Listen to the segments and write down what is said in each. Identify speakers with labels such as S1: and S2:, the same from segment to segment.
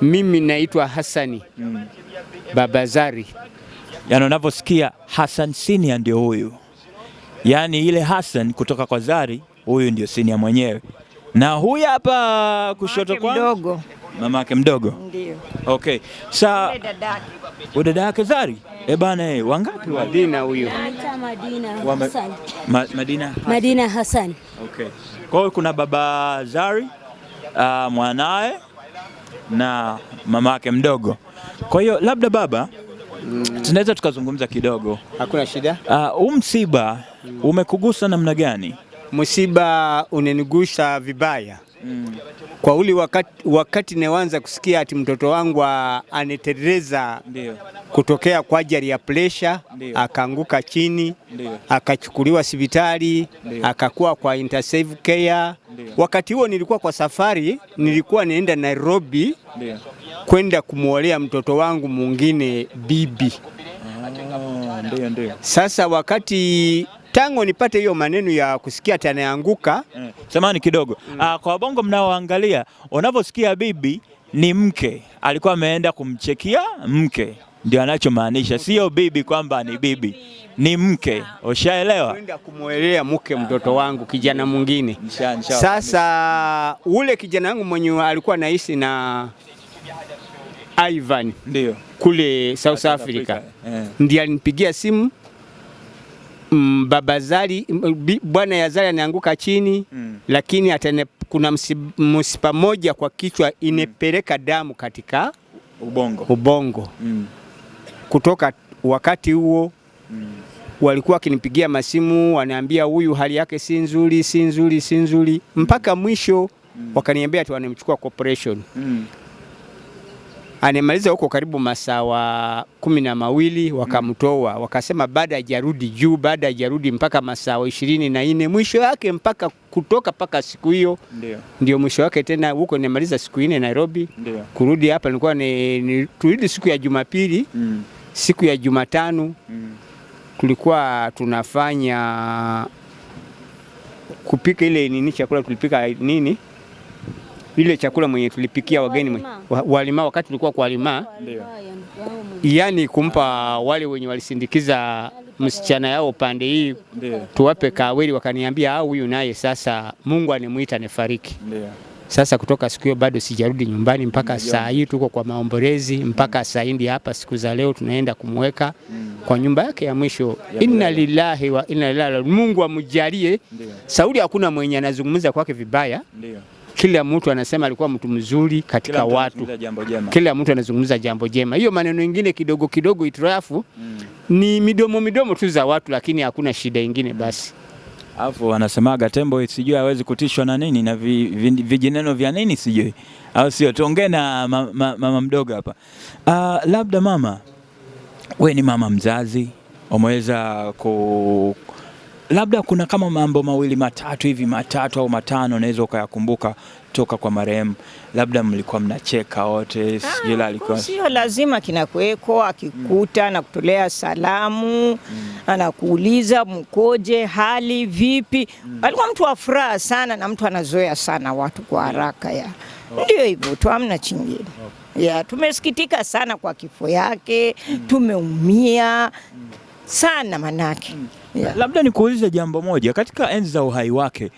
S1: Mimi naitwa Hasani mm. Babazari.
S2: Yaani unavyosikia Hassan Senior ndio huyu, yaani ile Hassan kutoka kwa Zari, huyu ndio Senior mwenyewe, na huyu hapa kushoto kwa mdogo mama yake mdogo ndio. Okay, sa dada yake Zari e bana, e wangapi wa
S3: Madina huyo
S4: Hassan.
S2: ma, Madina
S4: Madina Hassan. Okay,
S2: kwa hiyo kuna baba Zari uh, mwanae na mama yake mdogo. Kwa hiyo labda baba Mm. Tunaweza tukazungumza kidogo. Hakuna shida. Ah, huu uh, msiba umekugusa namna gani?
S1: Msiba unanigusa vibaya kwa uli wakati, wakati newanza kusikia ati mtoto wangu aneteleza kutokea kwa ajili ya presha akaanguka chini akachukuliwa hospitali akakuwa kwa intensive care. Wakati huo nilikuwa kwa safari, nilikuwa nienda Nairobi kwenda kumwolea mtoto wangu mwingine bibi. Oh, ndio, ndio. Sasa wakati tangu nipate hiyo maneno ya kusikia tanaanguka. Mm. Eh,
S2: Samani kidogo. Mm. Aa, ah, kwa wabongo mnaoangalia, unavyosikia bibi ni mke, alikuwa ameenda kumchekia mke ndio anachomaanisha, mm. sio bibi kwamba ni bibi, ni mke. Ushaelewa?
S1: Kwenda kumwelea mke mtoto wangu kijana mwingine. Sasa ule kijana wangu mwenye alikuwa naishi na Ivan ndio kule South Africa, Africa. Yeah. Ndiye alinipigia simu mm, baba Zari mm, bwana ya Zari anaanguka chini mm. Lakini atene, kuna msipa moja kwa kichwa mm. inepeleka damu katika ubongo, ubongo. Mm. Kutoka wakati huo mm. Walikuwa wakinipigia masimu wanaambia huyu hali yake si nzuri si nzuri si nzuri mpaka mm. mwisho mm. Wakaniambia tu wanamchukua corporation mm. Anemaliza huko karibu masaa kumi na mawili wakamtoa, wakasema baada hajarudi juu, baada hajarudi mpaka masaa ishirini na nne mwisho wake mpaka kutoka mpaka siku hiyo ndio mwisho wake. Tena huko nimaliza siku nne Nairobi. Ndiyo. kurudi hapa nilikuwa ni, ni, turudi siku ya Jumapili mm. siku ya Jumatano mm. tulikuwa tunafanya kupika ile nini chakula tulipika nini ile chakula mwenye tulipikia wageni walima, wakati tulikuwa kwa walima, yani kumpa wale wenye walisindikiza msichana yao pande hii tuwape kaweli, wakaniambia au ah, huyu naye sasa Mungu anemwita nifariki. Sasa kutoka siku hiyo bado sijarudi nyumbani mpaka saa hii, tuko kwa maombolezi mpaka mm. saa hii hapa, siku za leo tunaenda kumweka mm. kwa nyumba yake ya mwisho. Inna lillahi wa inna ilaihi rajiun. Mungu amjalie Sauli, hakuna mwenye anazungumza kwake vibaya kila mtu anasema alikuwa mtu mzuri katika kila watu, kila mtu anazungumza jambo jema. Hiyo maneno ingine kidogo kidogo itirafu mm. ni midomo midomo tu za watu, lakini hakuna shida ingine mm. basi.
S2: Alafu wanasemaga tembo sijui hawezi kutishwa na nini na vijineno vi, vi vya nini sijui, au sio? Tuongee na ma, ma, mama mdogo hapa. Uh, labda mama, we ni mama mzazi, umeweza ku labda kuna kama mambo mawili matatu hivi matatu au matano naweza ukayakumbuka toka kwa marehemu, labda mlikuwa mnacheka wote, ah,
S5: sijui alikuwa sio lazima kinakuweko akikuta mm. na kutolea salamu mm. anakuuliza mkoje, hali vipi mm. alikuwa mtu wa furaha sana, na mtu anazoea sana watu kwa mm. haraka ya oh. ndio hivyo tu, hamna chingine oh. ya tumesikitika sana kwa kifo yake mm. tumeumia mm. sana manake mm
S2: yeah. Labda nikuulize jambo moja, katika enzi za uhai wake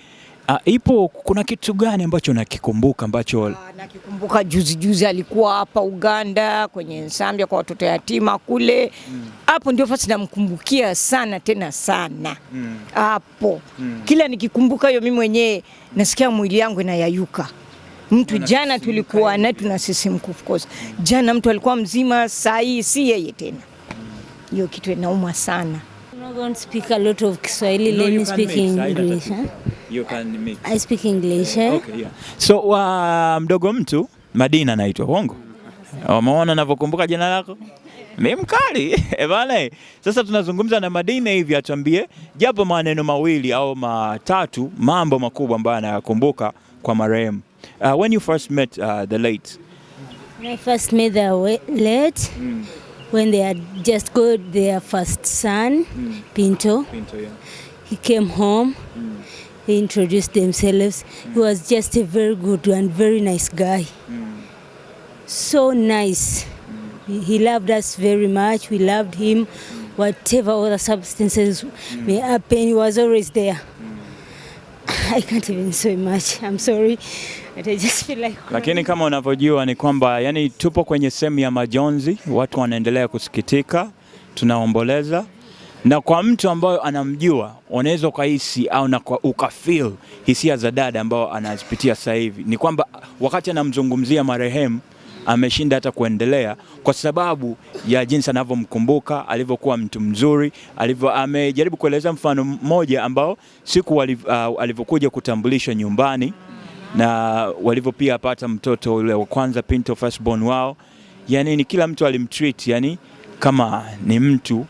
S2: A, ah, ipo kuna kitu gani ambacho nakikumbuka ambacho uh,
S5: nakikumbuka juzi juzi alikuwa hapa Uganda kwenye Nsambya kwa watoto yatima kule mm. hapo, mm. ndio fasi namkumbukia sana tena sana mm. hapo mm. mm. kila nikikumbuka hiyo mimi mwenyewe nasikia mwili yangu inayayuka. Mtu na jana tulikuwa naye tunasisimka, of course jana mtu alikuwa mzima, saa hii si yeye tena, mm. hiyo mm. kitu inauma sana.
S2: So wa mdogo mtu Madina anaitwa uongo, wameona anavyokumbuka jina lako mi mkali eh, bana. Sasa tunazungumza na Madina hivi, atuambie japo maneno mawili au matatu, mambo makubwa ambayo anayakumbuka kwa marehemu. Uh, when you first met uh, the late.
S6: When I first met the late. Mm when they had just got their first son mm. Pinto. Pinto yeah. He came home. Mm. They introduced themselves. Mm. He was just a very good and very nice guy. Mm. So nice. Mm. He loved us very much. We loved him. Mm. Whatever other substances mm. may happen, he was always there. I can't even so much. I'm sorry. But I just feel like
S2: lakini kama unavyojua ni kwamba yani, tupo kwenye sehemu ya majonzi, watu wanaendelea kusikitika, tunaomboleza na kwa mtu ambayo anamjua unaweza ukahisi au ukafeel hisia za dada ambao anazipitia sasa hivi, ni kwamba wakati anamzungumzia marehemu ameshinda hata kuendelea kwa sababu ya jinsi anavyomkumbuka alivyokuwa mtu mzuri alivyo. Amejaribu kueleza mfano mmoja ambao siku uh, alivyokuja uh, kutambulishwa nyumbani na walivyo pia pata mtoto ule wa kwanza Pinto firstborn wao, yani ni kila mtu alimtreat yani kama ni mtu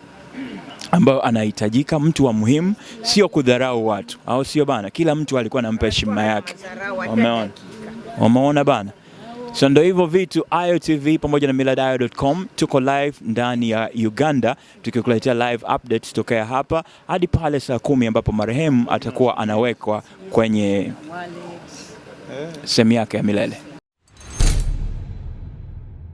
S2: ambayo anahitajika, mtu wa muhimu, sio kudharau watu, au sio bana? Kila mtu alikuwa anampa heshima yake, wameona bana. So ndo hivyo vitu, iotv pamoja na millardayo.com tuko live ndani ya Uganda tukikuletea live updates tokea hapa hadi pale saa kumi ambapo marehemu atakuwa anawekwa kwenye sehemu yake ya milele.